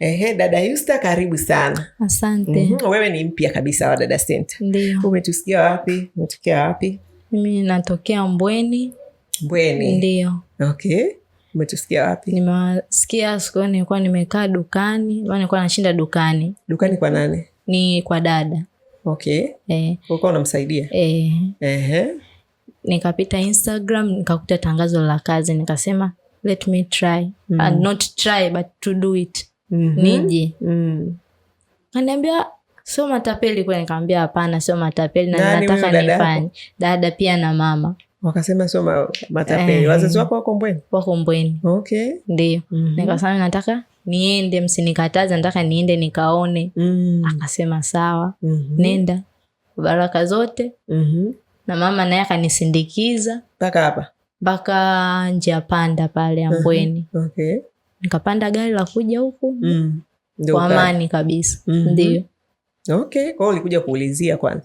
Ehe, dada Yusta karibu sana. Asante. Mm -hmm. Wewe ni mpya kabisa wa Dada Center. Ndio. Umetusikia wapi? Umetokea wapi? Mimi natokea Mbweni. Mbweni. Ndio. Okay. Umetusikia wapi? Nimewasikia siku hiyo nilikuwa nimekaa dukani, maana nilikuwa nashinda dukani. Dukani kwa nani? Ni kwa dada. Okay. Eh. Ulikuwa unamsaidia? Eh. Ehe. Nikapita Instagram nikakuta tangazo la kazi nikasema let me try. Mm. Uh, not try but to do it niji mhm. mm. Kaniambia sio matapeli kweli? Nikamwambia hapana, sio matapeli na nataka nifanye. Dada pia na mama wakasema sio matapeli. Eh, wazazi wako wako Mbweni? Wako Mbweni. Okay, ndio mm -hmm. Nikasema nataka niende, msinikataze, nataka niende nikaone. mm. Akasema sawa. mm -hmm. Nenda baraka zote. mm -hmm. Na mama naye akanisindikiza mpaka hapa mpaka njia panda pale Ambweni. Mhm. uh -huh. Okay nikapanda gari la kuja huku mm. kwa amani kabisa mm -hmm. Ndio. Okay, kwa ulikuja kuulizia kwanza?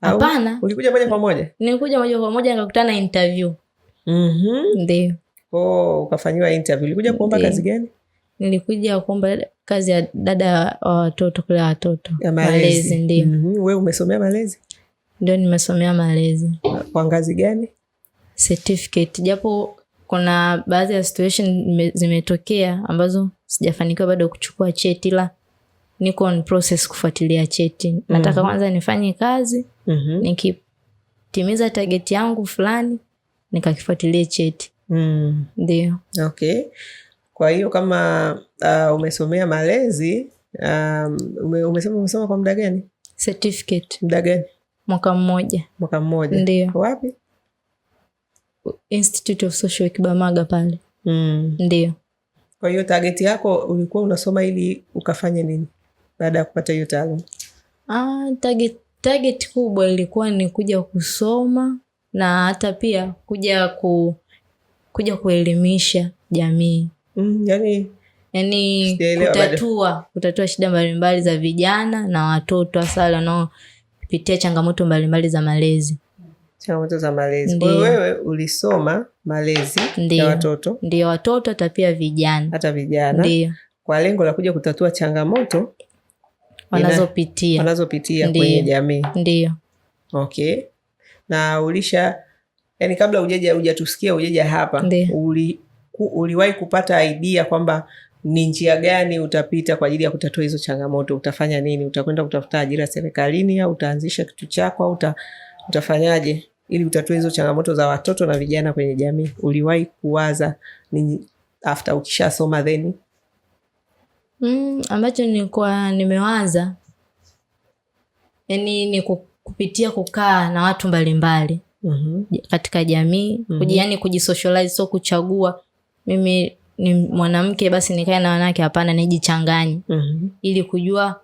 Hapana, ulikuja moja kwa moja? Nilikuja moja kwa moja nikakutana interview. mm -hmm. Ndio. Oh, ukafanyiwa interview. Ulikuja kuomba kazi gani? Nilikuja kuomba kazi ya dada wa watoto, kule watoto malezi. Ndio. mm -hmm. Wewe umesomea malezi? Ndio, nimesomea malezi. Kwa ngazi gani? Certificate, japo kuna baadhi ya situation zimetokea ambazo sijafanikiwa bado kuchukua cheti, ila niko on process kufuatilia cheti. Nataka mhm. kwanza mm -hmm. nifanye kazi mm -hmm. nikitimiza target yangu fulani nikakifuatilia cheti mm. Ndio, okay. Kwa hiyo kama uh, umesomea malezi um, ume, umesema umesoma kwa muda gani? certificate muda gani? mwaka mmoja. Mwaka mmoja ndio. Wapi? Institute of Social Bamaga pale mm. Ndio. Kwa hiyo target yako ulikuwa unasoma ili ukafanye nini baada ya kupata hiyo taaluma? Ah, target, target kubwa ilikuwa ni kuja kusoma na hata pia kuja ku, kuja kuelimisha jamii mm, yani, yani kutatua kutatua shida mbalimbali za vijana na watoto hasa wanaopitia changamoto mbalimbali za malezi changamoto za malezi. Kwa hiyo wewe ulisoma malezi ya watoto, ndio watoto hata pia vijana, hata vijana ndiyo, kwa lengo la kuja kutatua changamoto wanazopitia wanazopitia kwenye jamii, ndio okay. Na ulisha yani, kabla ujaja hujatusikia ujaja hapa uli, uliwahi kupata idea kwamba ni njia gani utapita kwa ajili ya kutatua hizo changamoto? Utafanya nini? Utakwenda kutafuta ajira serikalini au utaanzisha kitu chako au uta, utafanyaje? ili utatue hizo changamoto za watoto na vijana kwenye jamii? Uliwahi kuwaza ni after ukishasoma then? Mm, ambacho nilikuwa nimewaza yani ni kupitia kukaa na watu mbalimbali mbali. mm -hmm. katika jamii mm -hmm. yani kujisocialize, so kuchagua mimi ni mwanamke basi nikae na wanawake, hapana, nijichanganye mm -hmm. ili kujua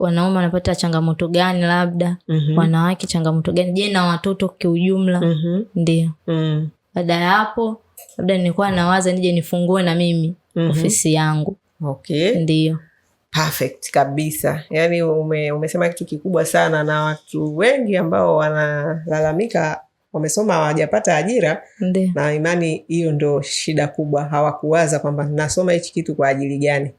wanaume wanapata changamoto gani labda mm -hmm. wanawake changamoto gani je na watoto kiujumla mm -hmm. ndio mm. baada ya hapo labda nilikuwa nawaza nije nifungue na mimi mm -hmm. ofisi yangu okay. ndio Perfect kabisa. Yaani ume, umesema kitu kikubwa sana, na watu wengi ambao wanalalamika wamesoma hawajapata ajira Nde. na imani hiyo ndo shida kubwa, hawakuwaza kwamba nasoma hichi kitu kwa ajili gani.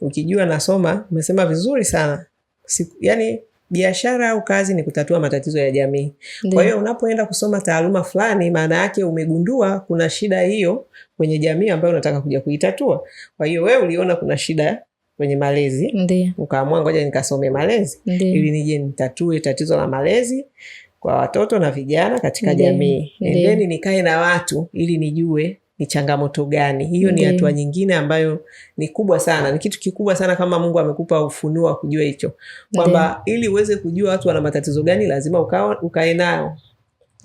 Ukijua nasoma, umesema vizuri sana, siku, yani biashara au kazi ni kutatua matatizo ya jamii. Kwa hiyo unapoenda kusoma taaluma fulani, maana yake umegundua kuna shida hiyo kwenye jamii ambayo unataka kuja kuitatua. Kwa hiyo wewe uliona kuna shida kwenye malezi, ukaamua ngoja nikasome malezi ili nije nitatue tatizo la malezi kwa watoto na vijana katika Ndiyo. jamii, endeni nikae na watu ili nijue ni changamoto gani hiyo. Ni hatua nyingine ambayo ni kubwa sana, ni kitu kikubwa sana kama Mungu amekupa ufunuo wa kujua hicho kwamba ili uweze kujua watu wana matatizo gani lazima ukae nao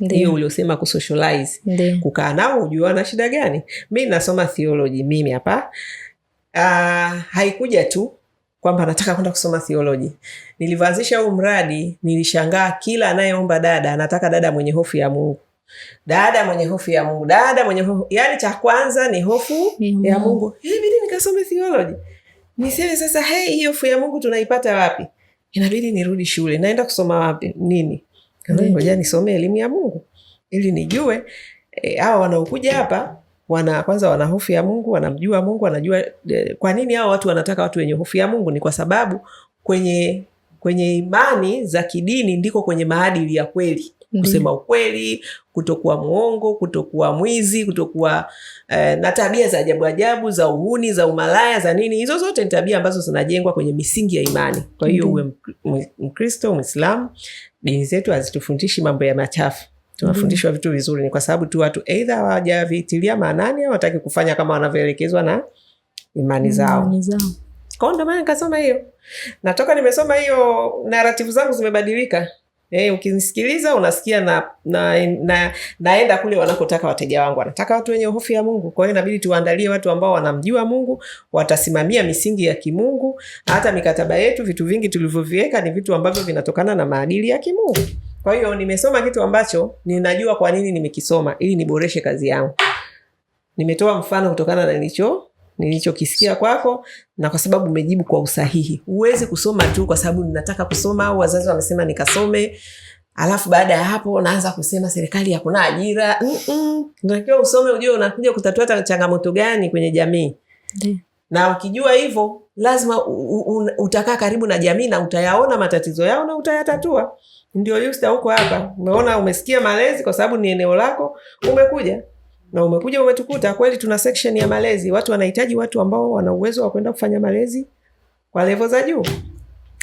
hiyo uliosema kusocialize, kukaa nao ujua na shida gani. Mi nasoma theology mimi hapa. Uh, haikuja tu kwamba nataka kwenda kusoma theology. Nilivyoanzisha huu mradi nilishangaa, kila anayeomba dada anataka dada mwenye hofu ya Mungu Dada mwenye hofu ya Mungu, dada mwenye hofu, yani cha kwanza ni hofu mm. ya Mungu. hivi nikasome theology, niseme sasa, hey, hii hofu ya Mungu tunaipata wapi? Inabidi nirudi shule, naenda kusoma wapi? Nini? Ngoja nisome elimu ya Mungu ili nijue e, eh, awa wanaokuja hapa wana kwanza wana hofu ya Mungu, wanamjua Mungu, wanajua e, kwa nini hawa watu wanataka watu wenye hofu ya Mungu? Ni kwa sababu kwenye kwenye imani za kidini ndiko kwenye maadili ya kweli kusema ukweli, kutokuwa mwongo, kutokuwa mwizi, kutokuwa eh, na tabia za ajabu ajabu za uhuni, za umalaya, za nini. Hizo zote ni tabia ambazo zinajengwa kwenye misingi ya imani. Kwa hiyo uwe Mkristo, Mwislamu, dini zetu hazitufundishi mambo ya machafu tunafundishwa vitu vizuri. Ni kwa sababu tu watu eidha hawajavitilia maanani au wataki kufanya kama wanavyoelekezwa na imani zao. Kwao ndio maana nikasoma hiyo, natoka nimesoma hiyo, naratibu zangu zimebadilika. Eh, ukinisikiliza unasikia na, na, na naenda kule wanakotaka wateja wangu. Wanataka watu wenye hofu ya Mungu. Kwa hiyo inabidi tuandalie watu ambao wanamjua Mungu, watasimamia misingi ya kimungu. Hata mikataba yetu, vitu vingi tulivyoviweka ni vitu ambavyo vinatokana na maadili ya kimungu. Kwa hiyo nimesoma kitu ambacho ninajua kwa nini nimekisoma ili niboreshe kazi yangu. Nimetoa mfano kutokana na nilicho nilichokisikia kwako na kwa sababu umejibu kwa usahihi. Huwezi kusoma tu kwa sababu ninataka kusoma au wazazi wamesema nikasome, alafu baada ya hapo naanza kusema serikali hakuna ajira. Unatakiwa usome, ujue unakuja kutatua changamoto gani kwenye jamii De. na ukijua hivyo lazima utakaa karibu na jamii na utayaona matatizo yao na utayatatua. Ndio Yusta huko hapa, umeona, umesikia malezi kwa sababu ni eneo lako, umekuja na umekuja umetukuta kweli. Tuna section ya malezi, watu wanahitaji watu ambao wana uwezo wa kwenda kufanya malezi kwa levo za juu,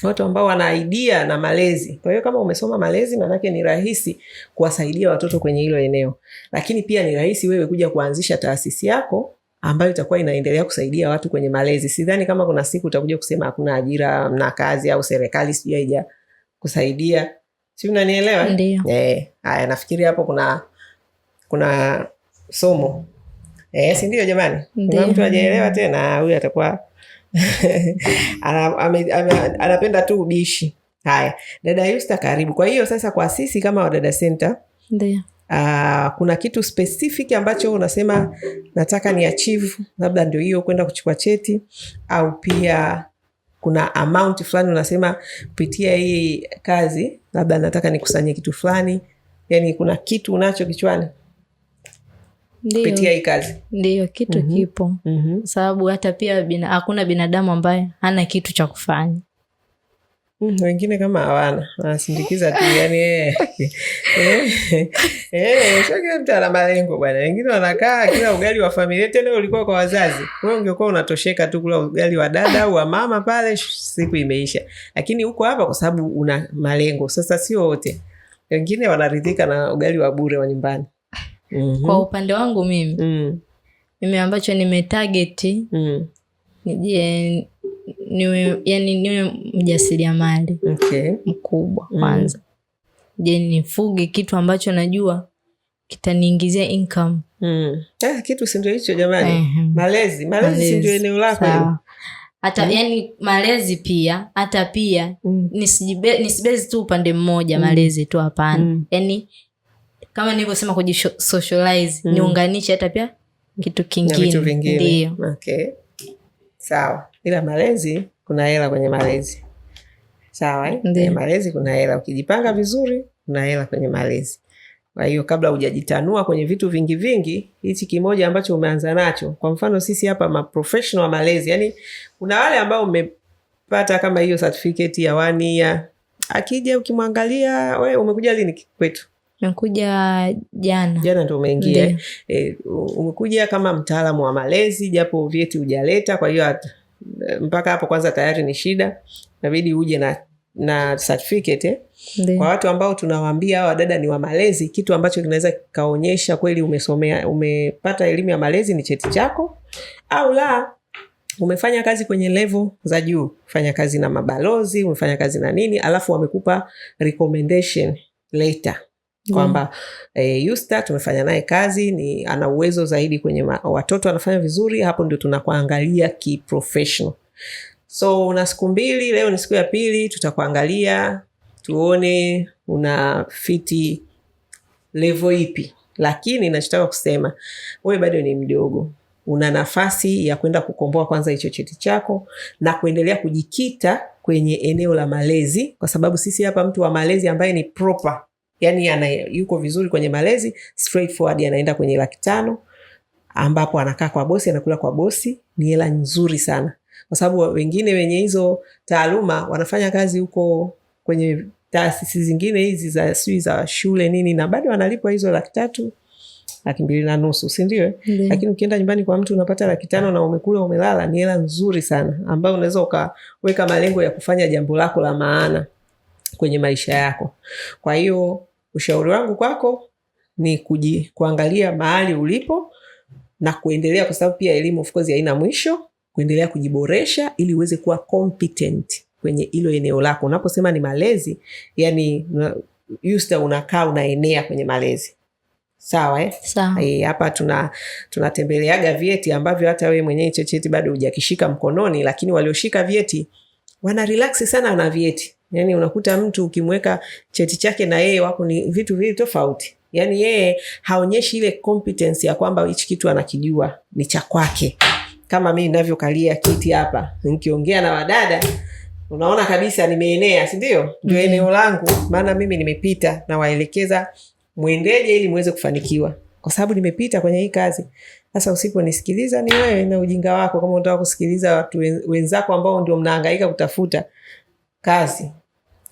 watu ambao wana idea na malezi. Kwa hiyo kama umesoma malezi, maanake ni rahisi kuwasaidia watoto kwenye hilo eneo, lakini pia ni rahisi wewe kuja kuanzisha taasisi yako ambayo itakuwa inaendelea kusaidia watu kwenye malezi. Sidhani kama kuna siku utakuja kusema hakuna ajira, mna kazi au serikali sijui haija kusaidia, si unanielewa? Ndio. Eh, haya, nafikiri hapo kuna kuna somo eh, si ndio jamani? Kuna mtu hajaelewa tena, huyu atakuwa anapenda tu ubishi. Haya, dada Yusta, karibu. Kwa hiyo sasa, kwa sisi kama Wadada Center Uh, kuna kitu spesifik ambacho unasema nataka ni achieve, labda ndio hiyo kwenda kuchukua cheti, au pia kuna amount fulani unasema kupitia hii kazi labda nataka nikusanyie kitu fulani, yani kuna kitu unacho kichwani? kupitia hii kazi ndiyo kitu mm-hmm. kipo mm-hmm. sababu hata pia bina, hakuna binadamu ambaye hana kitu cha kufanya Mm, wengine kama hawana wanasindikiza tu yani eh, eh, eh mtu ana malengo bwana. Wengine wanakaa kila ugali wa familia, tena ulikuwa kwa wazazi, we ungekuwa unatosheka tu kula ugali wa dada au wa mama pale, siku imeisha. Lakini huko hapa, kwa sababu una malengo sasa, sio wote, wengine wanaridhika na ugali wa bure wa nyumbani mm -hmm. Kwa mhm. upande wangu mimi mm. mimi ambacho nimetageti mm. nije niwe yani niwe mjasiriamali okay. mkubwa mm. kwanza mm. Je, nifuge kitu ambacho najua kitaniingizia income mm. eh, kitu si hicho jamani. mm-hmm. Malezi, malezi si eneo lako hata mm. Yani malezi pia hata pia mm. nisibezi tu upande mmoja mm. malezi tu hapana, mm. yani kama nilivyosema kujisocialize mm. niunganishe hata pia kitu kingine ndio. Okay. Sawa, ila malezi kuna hela kwenye malezi sawa, eh? eh? malezi kuna hela, ukijipanga vizuri kuna hela kwenye malezi. Kwa hiyo kabla hujajitanua kwenye vitu vingi vingi, hichi kimoja ambacho umeanza nacho, kwa mfano sisi hapa maprofessional malezi, yani kuna wale ambao umepata kama hiyo certificate ya one year, akija ukimwangalia, we umekuja lini kwetu Nakuja jana jana ndo umeingia e, umekuja kama mtaalamu wa malezi japo vyeti hujaleta. Kwa hiyo eh, mpaka hapo kwanza tayari ni shida, nabidi uje na na certificate eh. Kwa watu ambao tunawaambia hawa dada ni wa malezi, kitu ambacho kinaweza kikaonyesha kweli umesomea, umepata elimu ya malezi ni cheti chako, au la umefanya kazi kwenye levo za juu, fanya kazi na mabalozi, umefanya kazi na nini, alafu wamekupa recommendation later kwamba eh, Yusta tumefanya naye kazi, ni ana uwezo zaidi kwenye ma, watoto anafanya vizuri hapo, ndio tunakuangalia kiprofessional. So una siku mbili, leo ni siku ya pili, tutakuangalia tuone una fiti levo ipi, lakini nachotaka kusema wewe bado ni mdogo, una nafasi ya kwenda kukomboa kwanza hicho cheti chako na kuendelea kujikita kwenye eneo la malezi, kwa sababu sisi hapa mtu wa malezi ambaye ni proper yani ana, yuko vizuri kwenye malezi straightforward, anaenda kwenye laki tano ambapo anakaa kwa bosi, anakula kwa bosi. Ni hela nzuri sana, kwa sababu wengine wenye hizo taaluma wanafanya kazi huko kwenye taasisi zingine hizi za sijui za shule nini, na bado wanalipwa hizo laki tatu laki mbili na nusu, si ndio? Eh? Lakini ukienda nyumbani kwa mtu unapata laki tano na umekula umelala. Ni hela nzuri sana ambayo unaweza ukaweka malengo ya kufanya jambo lako la maana kwenye maisha yako. Kwa hiyo Ushauri wangu kwako ni kuji, kuangalia mahali ulipo na kuendelea, kwa sababu pia elimu of course haina mwisho, kuendelea kujiboresha ili uweze kuwa competent kwenye hilo eneo lako. Unaposema ni malezi, yani Yusta unakaa unaenea kwenye malezi sawa eh? Sawa. E, hapa tuna tunatembeleaga vyeti ambavyo hata wewe mwenyewe hicho cheti bado hujakishika mkononi, lakini walioshika vyeti wana relax sana na vyeti Yani unakuta mtu ukimweka cheti chake na yeye wako ni vitu vili tofauti. Yani yeye haonyeshi ile competence ya kwamba hichi kitu anakijua ni cha kwake, kama mi navyokalia kiti hapa nkiongea na wadada unaona kabisa nimeenea, si ndio? Ndio mm-hmm. eneo langu, maana mimi nimepita, nawaelekeza mwendeje ili mweze kufanikiwa, kwa sababu nimepita kwenye hii kazi. Sasa usiponisikiliza ni wewe na ujinga wako, kama unataka kusikiliza watu wenzako ambao ndio mnahangaika kutafuta kazi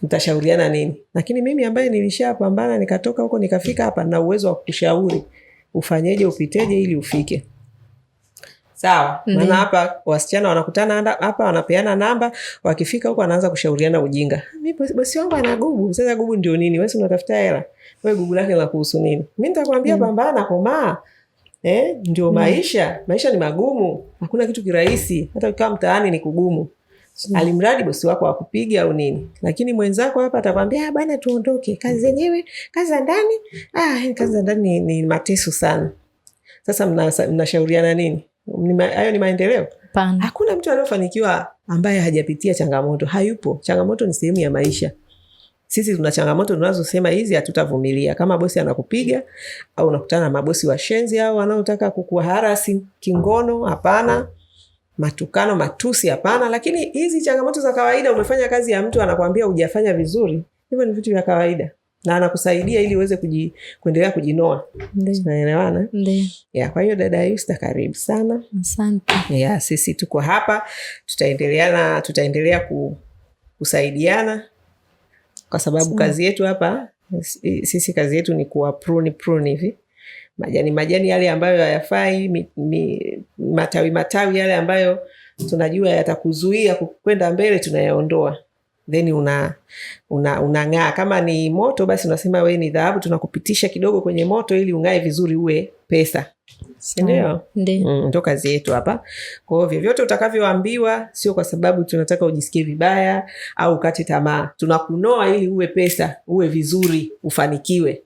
mtashauriana nini? Lakini mimi ambaye nilishapambana nikatoka huko nikafika hapa, na uwezo wa kushauri ufanyeje, upiteje ili ufike sawa. Maana hapa wasichana wanakutana hapa, wanapeana namba, wakifika huko wanaanza kushauriana ujinga. Mi bosi wangu ana gubu. Sasa gubu ndio nini? Wesi unatafuta hela, we gubu lake la kuhusu nini? Mi ntakwambia mm pambana, komaa Eh, ndio mm. maisha. Maisha ni magumu, hakuna kitu kirahisi. Hata ukikaa mtaani ni kugumu mm. alimradi bosi wako akupiga au nini, lakini mwenzako hapa atakwambia ah, bana, tuondoke, kazi mm. zenyewe, kazi za ndani ah, kazi za ndani ni, ni mateso sana. Sasa mnashauriana mna nini? Hayo ni maendeleo? Pana. Hakuna mtu aliofanikiwa ambaye hajapitia changamoto, hayupo. Changamoto ni sehemu ya maisha. Sisi tuna changamoto tunazosema hizi hatutavumilia. Kama bosi anakupiga au unakutana na mabosi washenzi au wanaotaka kukuharasi kingono, hapana matukano, matusi, hapana. Lakini hizi changamoto za kawaida, umefanya kazi ya mtu anakuambia hujafanya vizuri, hivyo ni vitu vya kawaida na anakusaidia ili uweze kuji, kuendelea kujinoa. Tunaelewana? ya? kwa hiyo dada Yusta, karibu sana. Asante. ya, sisi tuko hapa, tutaendeleana, tutaendelea ku, kusaidiana kwa sababu Sama. kazi yetu hapa sisi, kazi yetu ni kuwa pruni pruni hivi majani majani yale ambayo hayafai, matawi matawi yale ambayo tunajua yatakuzuia kwenda mbele, tunayaondoa then una, una, unang'aa. Kama ni moto basi unasema wewe ni dhahabu, tunakupitisha kidogo kwenye moto ili ung'ae vizuri, uwe pesa. Mm, ndio, ndio mm, kazi yetu hapa. Kwa hiyo vyovyote utakavyoambiwa, sio kwa sababu tunataka ujisikie vibaya au ukate tamaa, tunakunoa ili uwe pesa, uwe vizuri, ufanikiwe.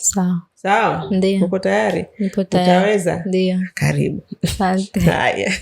Sawa sawa, ndio. Uko tayari? Nipo tayari. Utaweza? Ndio. Karibu. Asante. Haya.